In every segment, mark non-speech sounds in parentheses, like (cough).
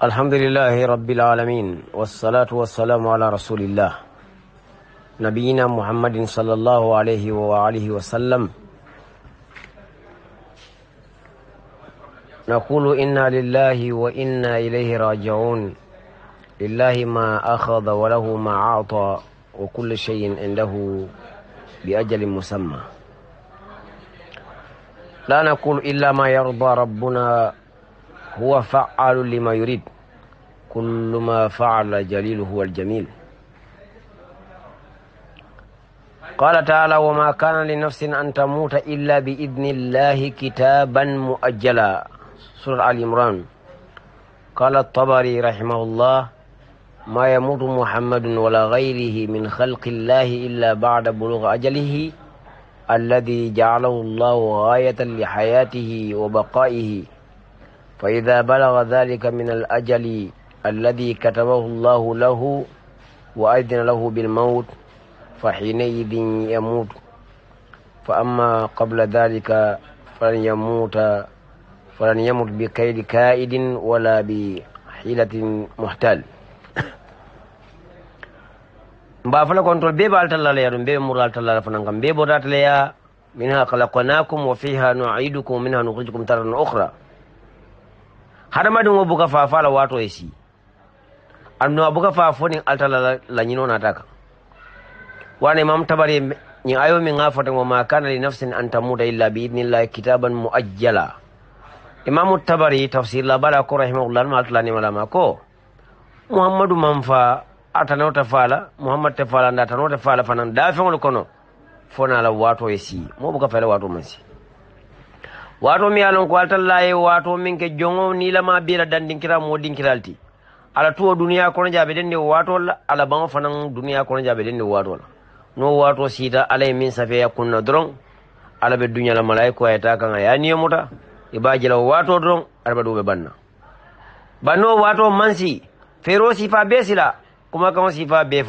الحمد لله رب العالمين والصلاة والسلام على رسول الله نبينا محمد صلى الله عليه وآله وسلم نقول إنا لله وإنا إليه راجعون لله ما أخذ وله ما أعطى وكل شيء عنده بأجل مسمى لا نقول إلا ما يرضى ربنا هو فعال لما يريد كل ما فعل جليل هو الجميل قال تعالى وما كان لنفس أن تموت إلا بإذن الله كتابا مؤجلا سورة آل عمران قال الطبري رحمه الله ما يموت محمد ولا غيره من خلق الله إلا بعد بلوغ أجله الذي جعله الله غاية لحياته وبقائه فإذا بلغ ذلك من الأجل الذي كتبه الله له وأذن له بالموت فحينئذ يموت فأما قبل ذلك فلن يموت فلن يموت بكيد كائد ولا بحيلة محتال (coughs) بافلا كنت بيبا التلا لا يرم بيبا مر التلا لا فنانكم بيبا منها خلقناكم وفيها نعيدكم ومنها نخرجكم ترى أخرى hadamadiŋo buka fafa la waato ye sii aduŋ buka faa fo alta la la naata nataka waana imam tabari ni ayo miŋ ŋa foteŋo ma kana li nafsin an tamuta illa bi idnillahi kitaban muajjala imamu tabari tafsir la bala ko rahimahullah ma ni malama ko muhammadu man fa atanoo te muhammad te fala na nda atanoo te faa la fanaŋ kono fo la waatoo ye buka fala la waatoo wato mi alon ko laye wato min ke jongo ni ma bira dandinkira mo kiralti ala tuwo duniya kono jaɓe ɗen wato la ala baŋo fanan duniya kono jaɓe ɗen wato la no wato sita ala ye min safeya kunna doron ala la duñala malayiko ayeta kan ya yaniyemuta muta e ba jela wato doron ala ɗo be banna banno wato mansi fero sifa kuma kan sifa be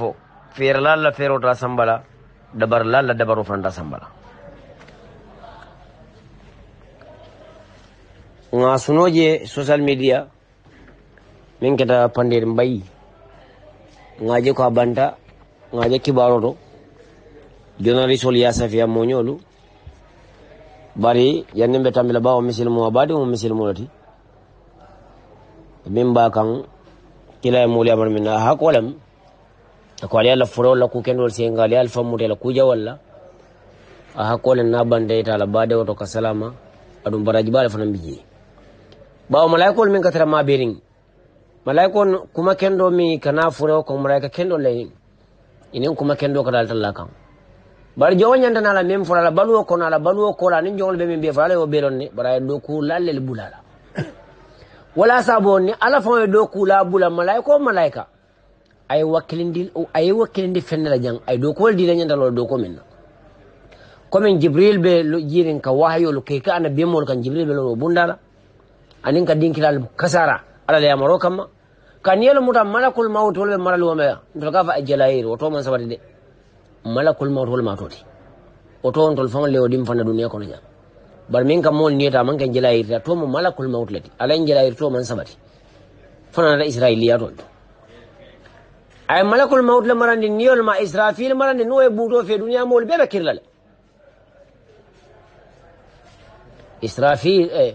la la fero ta sambala la la dabar sambala nga suno je social media min keta pandir mbay nga je ko banta nga je do kibaroto journalistol ya safiya moñolu bari yanni mbe tambila bawo misilmo abadi mo misil mo lati min ba kan kila mo li amar min ha ko kolam ko ali ala furo la ku se ngali al famu de la kuja walla a ha len na bande ta la bade to ka salama adum baraji bale fana mbiji ɓawo malaikol min gatata ma berin malaikol kuma kendo mi kana fure o ko malaika kendo leyin inen kuma kendo ko dal talla kan bara jowo ñandanala min fora ala baluwo kono ala baluwo kola anin jogol ɓe min mbiya fora ala yo ɓelon ne bara do kula lel bulala (laughs) wala sabo ne ala fan e do kula bula malaika o malaika ay wakkilindi ay wakkilindi fennela jang ay do kowol dina ñandalol do ko min na comme jibril ɓe jiirin ka wahayolo keyka ana bemol kan jibril ɓe lolo bundala anin ka dinkilal kasara alala yamaro kamma kan yelo muta malakul maut wolɓe maral womeya tol ka fa a jalayiri woto man sabati de malakul maut wol matoti woto on tol fan lewo ɗim fana duniya kono jam bar min kam mol niyata man ken jalayirta to mo malakul maut lati ala en jalayiri to man sabati fananata israiliya tol to ay malakul maut le marandi niyol ma israfil marandi no e ɓuuto fe duniya mowol ɓeɓe kirlale israfil eh,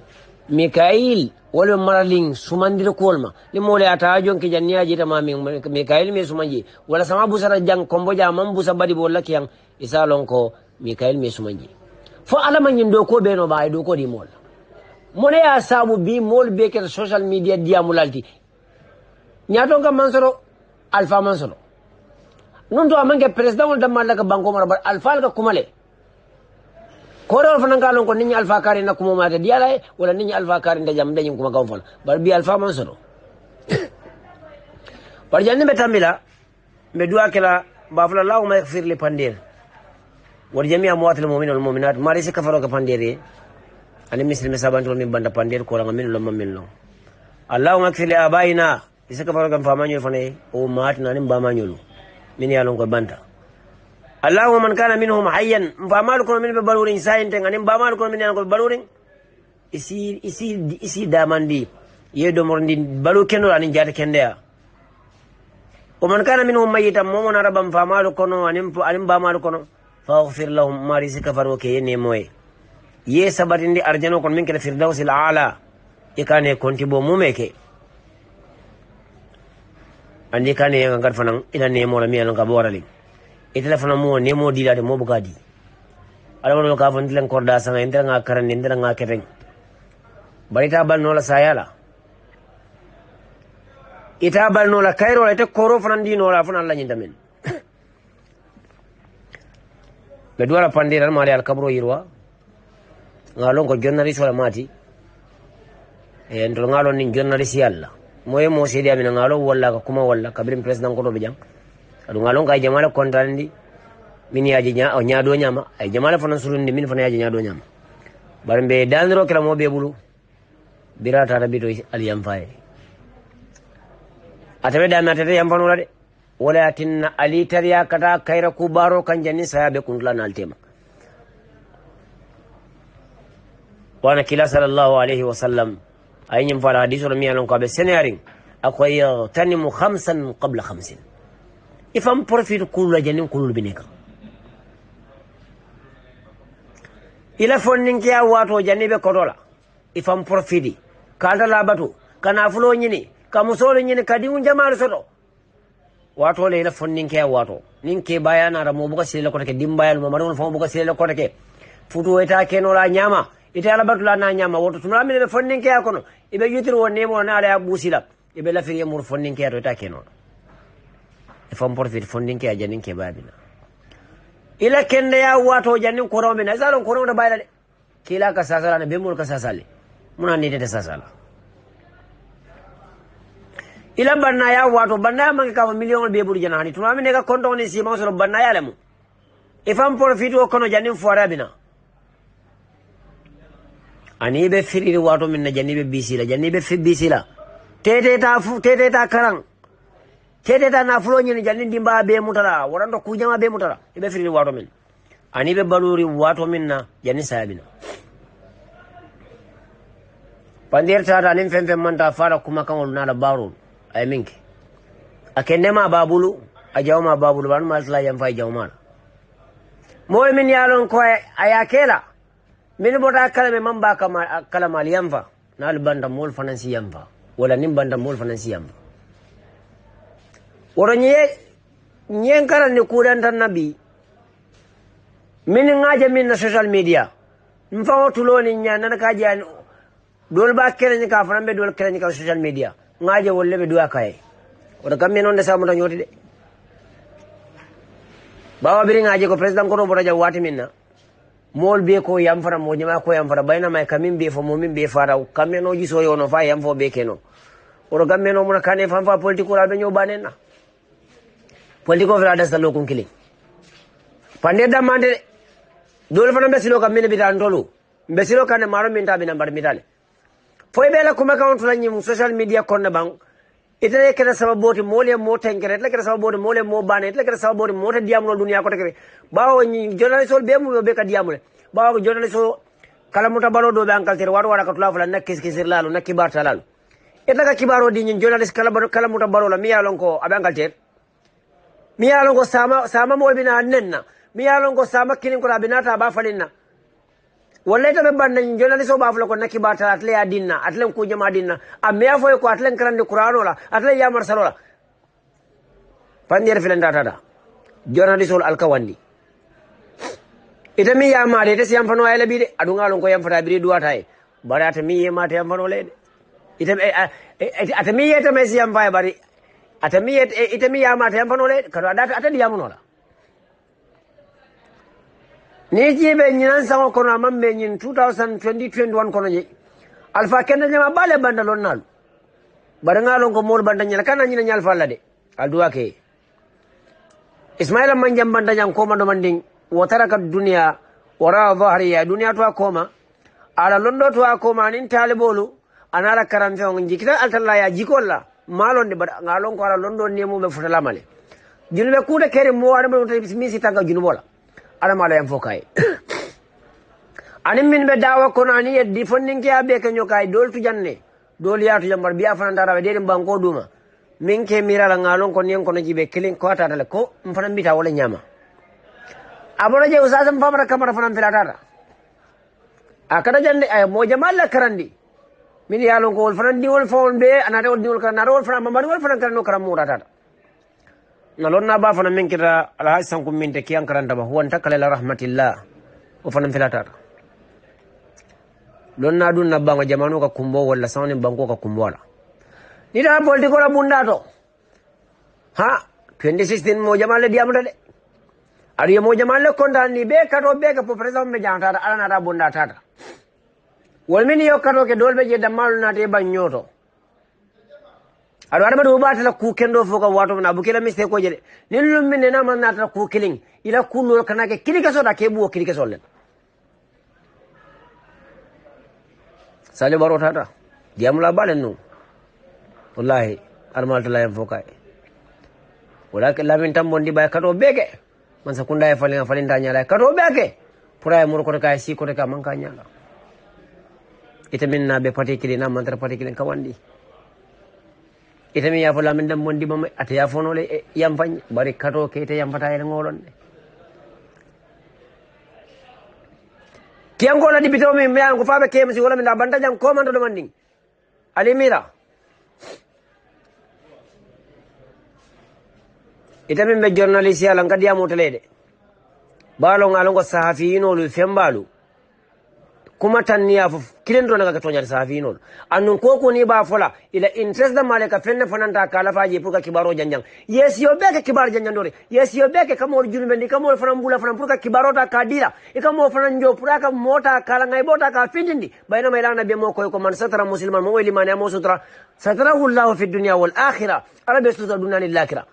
mikail wala maraling sumandir kolma limole ata ya jon ke janniya jita ma mikail me sumanji wala sama busara jang kombo ja mam busa badi bolla yang isalon ko mikail me sumanji fo alama ko beno ba do ko di mol mole ya sabu bi mol be ke social media dia mulalti nyaton ka mansoro alfa mansoro non to amanke president wal damalla ka banko alfa ka kumale koreol fana ngalon ko niñi alfa kare na kumomate mata ye wala niñi alfa kare nda jam dañi kuma kaw bar bi alfa man soto (coughs) bari janni me dua kala ba fala bafula ma yaghfir li pandir wata jamia mowatel mumin wal muminat mari si kafaro ka pandir ye ani misilme sabantol min banda pandir ko ranga min lo ma min lo allah ma li abaina isa kafaro kam famañol fana ye o matina anin bamañolu min yalon ko koye banta hayyan fa ma lakum min فمالكم sayin ببلور انسان تنغنم بمالكم من انكم ببلور isi isi isi damandi mor din balu kendo anin kende ya o man kana minhum mayitan momon arabam famalu kono anin anin bamalu kono ghfir lahum ma risika faro ke ye moy ye sabatindi arjano kon min ke firdaus al ala ikane konti bo mumeke andi kane ngar fanang ila ne mo la mi ala ngaborali itela e fana mo moo mo dilade mo bukadi ala wono ka fon dilan korda sanga indira nga karan indira nga keten barita bal nola sayala ita e bal nola kairo la ita e koro fana ndi nola fana alla nyinda men be (coughs) duwala pandira ma al kabro yirwa ngalon ko journalist wala mati e ndol ngalon ni journalist yalla moye mo sedi amina ngalo walla ka kuma walla kabirim president ko be jang aɗum alon ko ay jamala contane ndi min yaji o ñaado ñama ay jamala fana surundi min fana yaji ñaado ñama bara mbe daniro kela mo ɓe ɓulu bira tata bito aliyam faye ataɓe dami atata yam fanula wala tinna ali tariya kata kayra kubaro kan janni saya naltema wana kila sallallahu alayhi wa sallam fala hadis oto miyalon ko akoy tanimu hamsan qabla hamsin ifam profit kulula janin kulul binika ila fonnin kiya wato janibe kodola ifam profiti kalta labatu kana fulo nyini ka musolo nyini kadiun jamal soto wato le ila fonnin kiya wato nin ke bayana ra mo buka sele ko take dimbayal mo maron fo buka sele ko take futu eta kenola nyama ite alabatu la na nyama woto tunala mine be fonnin kono ibe yutir wonne mo na ala busila ibe lafiri mo fonnin kiya to eta kenola e famporo fiti fonninke a janinke babina ila kende ya wato janin koronɓe na salon koronɗo bayla de kila ka sasala na bemol ka sasale muna nitete sasala ila bannaya wato bannaya manke kama million ɓe ɓuri jana hani tunamine ka konton ni siman soro bannaya le mu e famporo fiti o kono janin foarabina ani ɓe firiri wato min na janni bisila janni fi bisila teteta fu teteta karan keteta na fulonyini jani ndimba be mutala warando kujama be mutala ibe firi wato min ani be baluri wato min na jani sayabina pandir tata anin fen fen manta fara kuma kan wal nala barul ay minki akende ma babulu a jawma babulu ban ma sala yan fa jawma moy min lon ko ayakela min bota kalame man ba kama kalama yan fa na al banda mol fanansi yan fa wala nim banda mol fanansi yan fa Orangnya nyen karan ni kudan tan nabi min ngaja min na social media Mfa lo ni nya nan ka jani. dol ba kene ni ka fana be dol kene ni ka social media ngaja wolle be dua kay wala kam min on sa mo nyoti de bawa biri ngaje ko president ko jawa jaw wati minna mol be ko yam fara mo nyama ko yam fara bayna may kamin be fo momin be fara kamen o jiso yono fa yam fo be keno wala kam men o mo kane fa politiko ra be na. politiko fana da salo kun kile pande da mande dole fana be silo kamene bi tandolo be silo kane maro min tabi nambar mitale foy bela kuma ka on tulanyi social media konne bang itele kene sababoti mole mo tenkere itele kene sababoti mole mo bane itele kene sababoti mote diamno dunia ko tekere bawo journalist ol be mu be ka diamule bawo journalist kala muta do be ankal tere waro wara ka nakis kisir lalu nakibar talalu itele ka kibaro di journalist kala kala muta balo la mi mi yalongo sama sama moɓina nenna mi yalongo sama kininkota ɓe nata ba falinna wallay to ɓe banna jonaliste o ɓafula ko nakki batala atele ya dinna atelen kujama dinna ammeya foye ko atelen karandi courant ola atelen yamar salola pandiyere filentatata jonaliste ol alkawandi ite mi yamade ite si yamfano ayla ɓiɗe aɗugalon ko yamfata ɓiri duwata e bari ata mi yemate yamfano leyde ite eh, eh, eh, ate mi yetama si yamfa e bari atami itami yama tempono le kado adafi atadi yamuno la ni jibe nyinan sango kono amamme nyin 2020 2021 kono je alfa kenda nyama bale banda lon nalu baranga lon ko mol banda nyala kana nyina nyal falla de alduwa ke ismaila jam banda nyam ko mando manding wa taraka dunya wara dhahri ya dunya to akoma ala londo to akoma nin talibolu anala karamfe on jikita altalla ya jikolla malon de ga lon ko ala london nemuɓe jinu be kuuɗe kere mo si min jinu bola ala hen fo fokay (coughs) anim min be dawa kono ani yeddi fonninkeya ke nyokay dol tu janne dol yatu jam mbaɗa mbiya fanantaraɓe deɗen banko duma min ke mirala ngalon ko ko kono jiɓe kelin ko dal ko m fana mbita wala nyama abona je usasam famata kamara fana pilatata a kata jande ay mo jamal la karandi mi ni miliyalonkowol fana ndiwol fowol be anare anatewol ndiwol kala natawol fana mamariwol fana kala no kara muratata na lonna ba fana min kira kita alhaji sankum min te kiyan karantaba huwanta kalela rahmatillah o fana felatata lonna dun na bango jamanu ka kumbo walla sawni banko ka kumbo da nita politiko la bunda to ha 2016 mo jamalle diyamata de aɗa yo mo jamalle kondani be ɓe kato be ka po président ɓe jantata ala na nata bunda tata wolmin yo kato ke dolɓe je dammaɗo naate e baññoto aɗo aɗamata wo ɓatata ku kenɗo fo kam wato na bukila mi sekoje de nin lummin ne nama natata ku kilin ila kunnol kanake kirikesoɗa ke ɓuwo kirikesol len sali ɓaro tata diyamula baɗen nu wallahi almaltalayen fo kaye walaki lamin tan bondi ɓaye kato beke man sakunda e falinga falinta ñala kato beke pour aye mor koto kaye si kote ka manka ñala itamin na be pati kilin na mantara pati kilin kawandi ite min yafola min ɗen bondimama ata yafonole e yamfañ bari kato ke ite yamfata ele ngolon ɗe kiyangola dibito min mbiyan ko faɓe kemsi wala min da banta jam komanto ɗoman ndin ali mira ite min ɓe journaliste alan kadi yamutelede baalo ngalongo sahafiyinolu fembalu kuma tanniya fof kilendiro naga toñal safinol annun ko kuni ba fola ila interest da malaka ka fenne fananta kala faji pour ka kibaro janjang yes yo beke kibaro janjandore yes yo beke kamol julbe ndi kamol fanan bula fanan puka kibaro ta kadira e kamo fanan jo pour ka mota kala ngai bota ka fidindi bayna mai lana be mo koy ko man satara musliman mo weli man mo sutra satarahu hullahu fi dunya wal akhirah arabe sutra dunya lil akhirah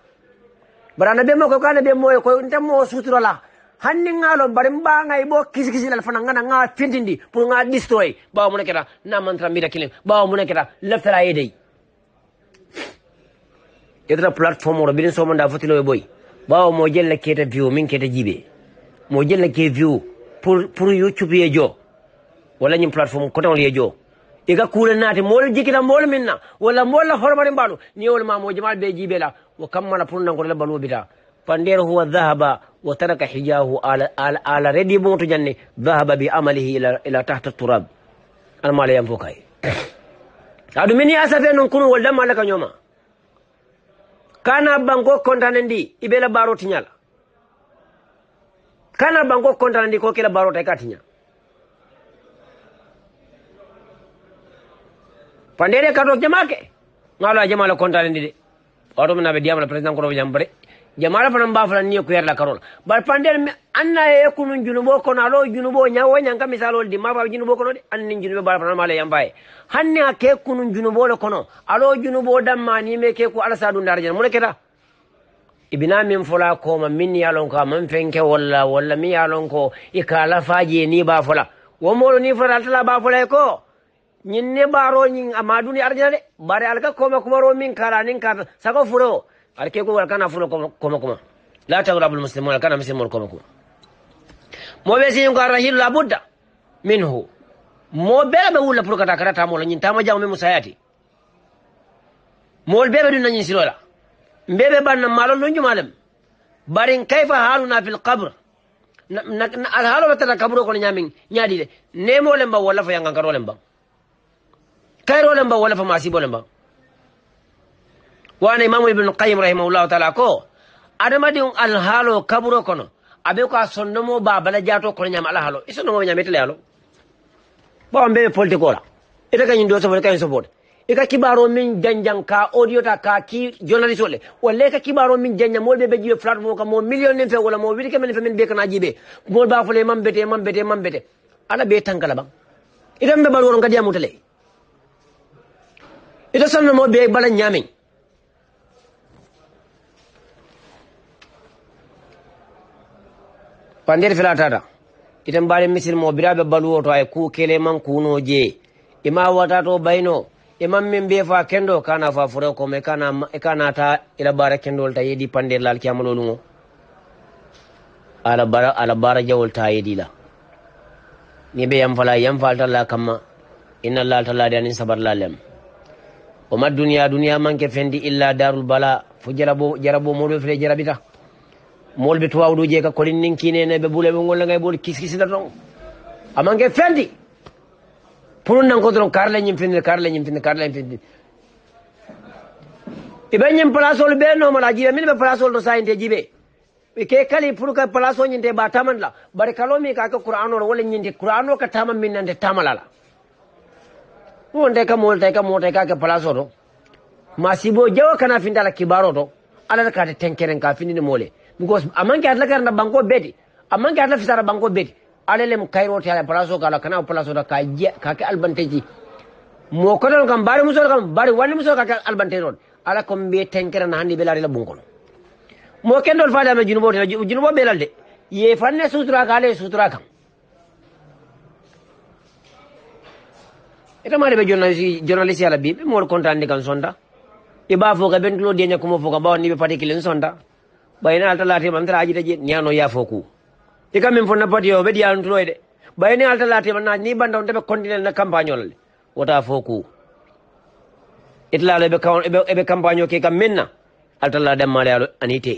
barana be mo ko kana be mo ko ntam mo sutra la hanni ngaalon barimba nga bo kisi la fana ngana nga fintindi pour nga destroy ɓaawa muna keta namantara mira kilim ɓaawa muna keta leftara yeday yetata plateforme oto biɗen somonda fotilo boy ɓaawa mo la kete view min keta jibe mo la ke view pour pour youtube ye wala walla platform plateforme cotéol ye joo iga kuule naati moolu jikita moolu min minna wala moolu la hormari mbaalu ni wolu ma mo jamal be jibe la kam mala pour nankoto le balu bita fandirahu wa dhahaba wa taraka hijahu ala ala radi mutu janni dhahaba bi amalihi ila ila tahta turab al mal yam fukay (coughs) adu min yasafe non kunu wal dam alaka nyoma kana bango kontane ibela baroti nyala kana bango kontane ndi ko kila barota katinya fandere kato jamake ngalo jamala kontane ndi Orang menabeh dia menabeh presiden kurang jambre jamara fana ba ni kuyar kuyarla karol bar pandel anna ye kunun junubo kono alo junubo nyawo nyanga misalo di ma ba junubo kono ni junubo bar fanan male yambaye a ke kunun junubo le kono alo junubo ma ni me ke ku alsa dun darjan mun keta ibina min fula ko ma min yalon ko man fenke walla walla mi yalon ko ikala faje ni ba fula wo molo ni fula tala ba fula e ko nyin ne baro nyin amaduni arjana de bare alka ko ma kumaro min kala nin ka sako furo alkeko alkana fulo koma koma la tagrabul muslimun alkana muslimol koma koma mo ɓe siñi la budda minhu mo be wula wulla kata kata tamolo ñin tama jamu memo sayati bebe beɓe ɗum nañin silola mbeɓe ɓannan malon non malam barin kayfa haluna fil qabre alhaalo wattata kaburo kono ñamin ñaaɗiɗe nemolem wala fa yanga yangankarolem ban kayrolen ban wala fa masibolem ban wana imamu ibnu qayim rahimahullahu taala ko adamadiŋo alhaalo kaburo kono abe ko a sondomo ba bala jaato kono ñama ala halo i sondomo be ñamitele yalo bawan be be politiko la ite kañin do sofode kañin sofode i ka kibaro min janjan ka audio ta ka ki journaliste ole walla i ka kibaro min janjan moolu be be jibe plateforme ka mo million nin fe wala mo wili kemen fe min be kana jibe moolu ba fole man bete man bete man bete ala be tankala ban itan be bal woron kadiya mutale ita sondomo be bala ñamin pande ɗe felatata itan mbaɗen misilmo biraɓe baluwo to ay kukele man kuno jeeye ima wata to bayno iman min mbiye fa kendo kana fa fore kome kanata e ila bara kendol ta yeedi pande lal kiamalolugo ala bara jawol ta yeedila ni ɓe yamfala yamfaltalla kamma inna lal talade anin sabarlalem oma duniya duniya manke fendi illa darul bala fo jarabo moɗo fele jarabita mool ɓe tuwawɗo ka kolin nin kinene be ɓuule ɓe gollanga kis-kis kiskisida ton amange fendi pour nanko karle karla karle karla ñimfinde karla ñimfinde iɓe ñim place ol no mala jibe min be place ol sainte jibe be ke kali pour ka place ba taman la bar kalo mi ka qur'an o wala ñinte qur'an ka taman min nante tamala la wonde ka mol de ka mo ka ka place o to ma jawa kana findala kibaro do ala ka te tenkeren ka finini mole because amanke atla karna banko beti amanke atla fisara banko beti mu kairo tala palaso kala kana palaso da ka ka ke albanteji mo kodol kam bari musol kam bari wani musol ka ke ron ala kom be tenkere na handi belari la bungon mo kendol faada me junubo te junubo belal de ye fanne sutura ka ale sutura kam ita mare be jonalisi jonalisi ala bi mo kontande kan sonda iba fo ben klo de ko mo fo ba ni be patikile sonda bayne altalati man tara ajita je nyano yafo foku e kam min fonna pati yo be diyan tuloyde bayne altalati man ni banda on debe continue na campagne wota fo ebe ebe ke kam minna altala demmale alo anite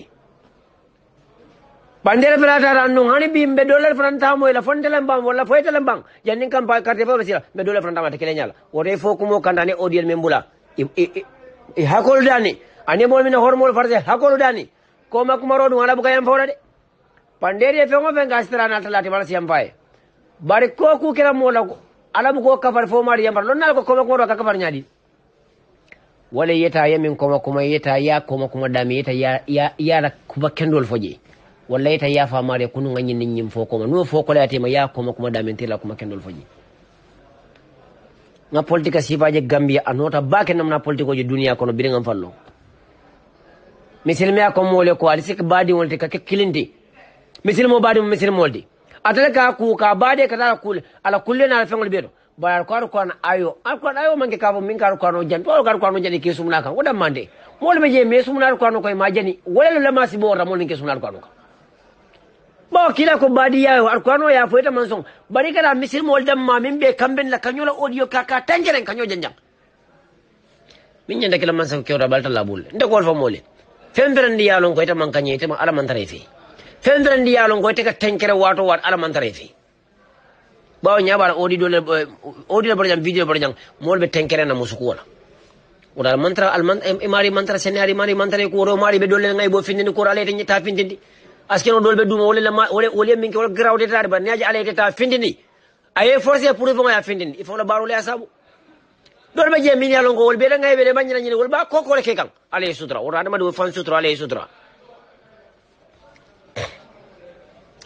bandere pelata tan no hani bimbe dollar franta mo ila fonte lambang wala foyte lambang jannin kam pa carte fo besira be dollar franta ma tekele nyala wote fo kumo kandane odiel membula i hakol dani ani mol min hormol farde hakol dani koma kumaro nuwala buka fawra de panderi efengo ngastra na talati wala fay bari ko ku kira mola ko alamu ko kafar fo mari yambar lon ko koma kumaro ka kafar nyadi wala yeta yamin koma kuma yeta ya koma kuma dami yeta ya ya ya la kuma kendol foje wala yeta ya fa mari kunu nin ninyi fo koma no fo ko la tema ya koma kuma dami tela kuma kendol foje nga politika sifaje gambia anota bake namna politiko je dunia kono bire ngam fallo misilmeya kommole ko aɗa sikka baadiŋol ti kake kilindi misilmo baadimu misilmol di atale ka ku ka baade kata ala kulle ala kulle na ala feŋol ɓeeto bara ko aɗa ayo aɗa kuran ayo manke ka fo min ka aɗa kurano jani to aɗa ka aɗa kurano jani ke sumna kan wo ɗammande moolu me je me sumna aɗa kurano koye ma jani wolelo lama sibo worta moolu ke sumna aɗa kurano kan bawo kila ko baadiyayo aɗa kurano ya foyta man son bari kata misilmol damma min ɓe kamɓen la kanyola audio ka ka tanjeren kaño janjang min ñanda kila mansa sa kewta ɓalta laɓulle ndako alfa fo fembere ndi yalon ko ite man kanye ite man alamantare fi fembere ndi yalon ko ite ka tenkere wato wat alamantare fi bawo ñaɓara odi ɗo odi ɗo boɗo video vidéo boɗo jam molɓe tenkere na musuku wala mantra mantara alman imari mantra senari mari mantra ko ro mari be dole ngay bo finni ko ala yete ta findindi aske no ɗolɓe ɗuma wolele woliye minke wol grawdetade ba neaji nyaaji yete ta findini aye forcé pour fo ya findi il faut la barou a dole ma jemi ni alongo wol beda ngai beda banyina nyini wol ba ko ko leke ale sutra wor adama do fan sutra ale sutra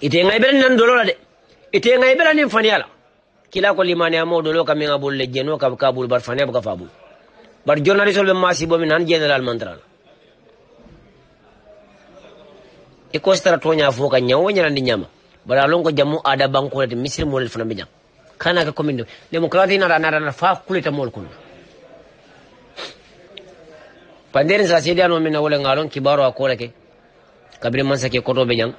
ite ngai beda nan dolola de ite ngai beda nin faniala kila ko limani amo ya dolo kam nga le jeno kam kabul bar fania ya ba fabu bar journalist be masi bo minan general mantra e ko stara tonya fo ka nyawo nyana nyama bara jamu ada banko de misir mo le fana kana kanaga komin demokrati na nara nara fa kule ta mol kun pandere sa sedia no mena wala ngalon ki baro akola ke kabri man sa ke koto be jang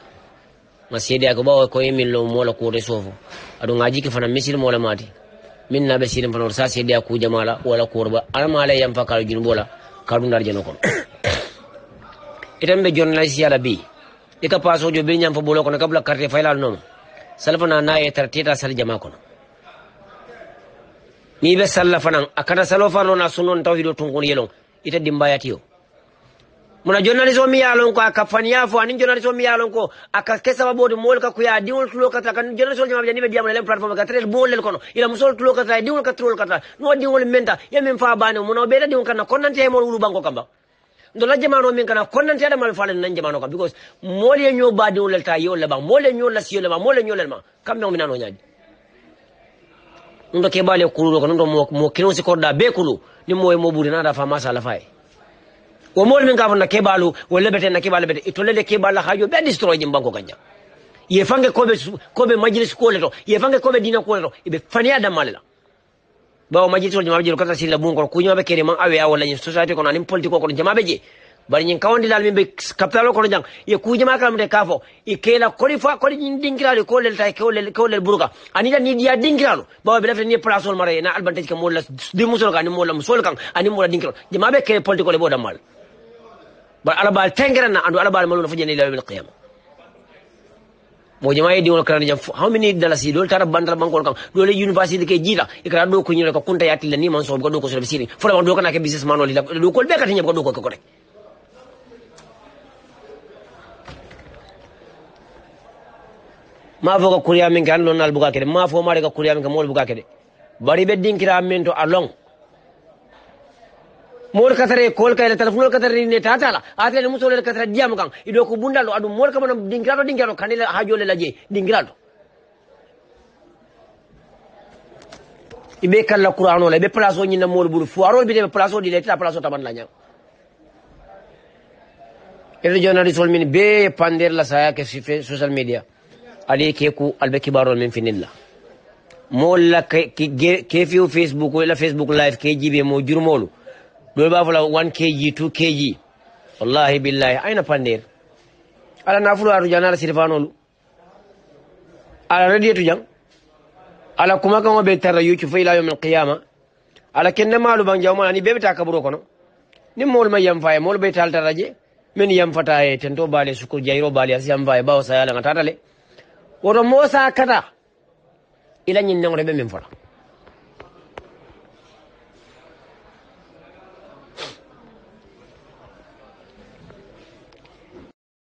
ma sedia ko bawo ko emin lo mola ko resofo adu ngaji ke fana misil mola mati min na be sirin fana sa sedia ku jamala wala korba almala yam fakal jin bola kadu ndar jeno kon itam (coughs) itambe journalist yala bi ika paso jo be nyam fa bolo kono kabla karte faylal no salfana na e tartita sal jama kono ni be salla fanan akana salo fano na sunon tawhido tungun yelon ita dimbayati yo muna journalism mi yalon ko aka faniya fo anin journalism mi yalon ko aka ke sababu de mol ka ku ya diul tulo ka ta kan journalism jama jani be diam le platform ka tres bol le kono ila musol tulo ka ta diul ka trol ka ta no diul menta ya min fa bane muna be da diwol kan kon nan te mol wulu banko kamba ndola jamano min kana kon nan te da mal falen nan jamano kam because mol ye nyoba diul le ta yo le ba mol ye nyo la si yo le ba mol ye nyo le ma kam no minano nyaaji nundo keɓali kuluɗo ko nundo mo si korɗa be kulu ni moye mo ɓuri naɗa fa la fay wo moolu min ka fo na keɓalu wo leɓete na keɓalu ɓete itolele keɓalla hajo be destroy jim banko kanjam ye fange kobe koɓe majlis kuole to ye fange koɓe dina kuole to eɓe faniya dammale la bawo majlis ol jamaɓe je kata silla bum kono kuñoɓe kere man awe a la jin société kono anin politique o kono je bari nyin kawndi dal min be kapitalo ko jang ye kuje ma kam de kafo e kela ko koli fa ko koli ñin dinkiralu ko le tay ko le ko lel buruka anida ni dia dingira dinkiralu ba be lafta ni place wol mare na albantage kam mola di musol ka ni mola musol kan ani mola dingira je ma be ke politiko le boda mal bar alabal tengere na andu alabal fa jeni ila bil qiyam mo jama yedi wol kan jam how many dalasi dol tara bandal bankol kan dol university ke jita e ikra do ko nyi le ko kunta yatilla ni man so ko do ko so be sirin fo do ko na ke business man wol do ko be ka tan ko do ko ko rek ma mafo ka kuriya min kɛ an lɔn n'al ma kɛlɛ mafo mare ka kuriya min kɛ mɔl buka kɛlɛ bari bɛ din kira min to a lɔn mor katare kol kayla telefono katare ne tata la atle muso le katare diam kan ido ko bunda lo adu mor kamana dingrado dingrado kanila hajole laje dingrado ibe kala qur'ano la ibe place o nyina mol buru fuaro bi de place o di le ta place o taban la nyam ele jona risol min be pander la saya ke social media ali keku albe kebaron min finilla molla ke fiu facebook ila facebook live ke jibe mo jurmolu do ba fula 1 kg 2 kg wallahi billahi aina pandir ala nafulu aru janala sirfanolu ala radiyatu jang ala kuma kan be tarra yuki ila ala kenne malu bang jawma ni bebe ta kaburo kono ni mol ma yam faye mol be tal taraje min yam fataye tento bale sukur jairo bale yam faye bawo sayala woto kada kata ila ñin neŋore min